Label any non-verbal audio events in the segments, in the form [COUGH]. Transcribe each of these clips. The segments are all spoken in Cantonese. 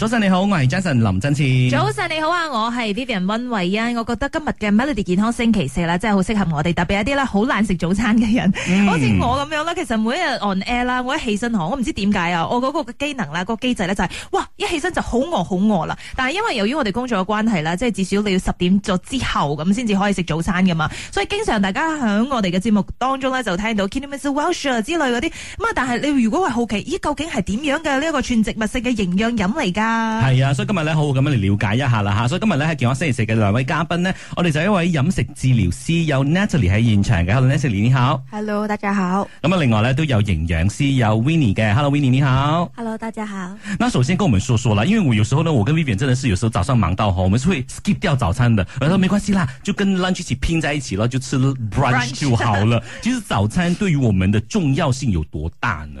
早晨你好，我係 Jason 林振志。早晨你好啊，我係 Vivian 溫慧欣啊。我覺得今日嘅 Melody 健康星期四啦，真係好適合我哋，特別一啲咧好難食早餐嘅人，好、嗯、似我咁樣啦。其實每一日 on air 啦，我一起身我我唔知點解啊，我嗰個嘅機能啦，個機制咧就係、是、哇一起身就好餓好餓啦。但係因為由於我哋工作嘅關係啦，即係至少你要十點咗之後咁先至可以食早餐噶嘛。所以經常大家響我哋嘅節目當中咧就聽到 Kenny Miss Welsh 之類嗰啲咁啊，但係你如果係好奇，咦究竟係點樣嘅呢，這個全植物性嘅營養飲嚟噶？係 [MUSIC] [MUSIC] 啊，所以今日咧，好好咁樣嚟了解一下啦吓。所以今日咧喺健康星期四嘅兩位嘉賓呢，我哋就一位飲食治療師有 Natalie 喺現場嘅，Hello Natalie 你好。Hello 大家好。咁啊，另外咧都有營養師有 Winnie 嘅，Hello Winnie 你好。Hello 大家好。那首先跟我們說說啦，因為我有時候呢，我跟 Vivian 真的是有時候早上忙到嗬，我們是會 skip 掉早餐的。然後沒關係啦，就跟 lunch 一起拼在一起咯，就吃了 brunch 就好了。 [LAUGHS] 其實早餐對於我們的重要性有多大呢？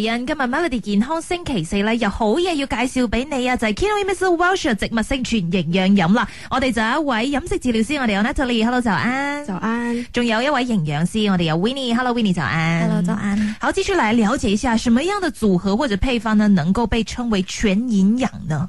今日 Melody 健康星期四咧，有好嘢要介紹俾你啊！就係、是、Kinohimitsu Welsh 植物性全營養飲啦。我哋就有一位飲食治療師，我哋有 Natalie，Hello 早安。早安。仲有一位營養師，我哋有 Winnie，Hello Winnie 早安。Hello 早安。好，繼續嚟了解一下，什麼樣的組合或者配方呢，能夠被稱為全營養呢？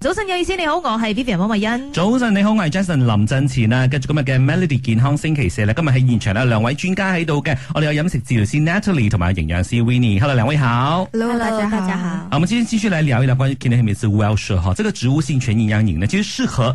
早晨，有意思，你好，我是 Vivian 汪黃慧欣。早晨，你好，我係 Jason 林振前。跟住今日嘅 Melody 健康星期四，今日喺現場有兩位專家喺度嘅。我哋有飲食治療師 Natalie 同埋營養師 Winnie。Hello，兩位好。Hello，大家好，大家好。啊、我們今天繼續嚟聊一聊關於天然黑米汁 Welsh e 這個植物性全營養飲其實適合。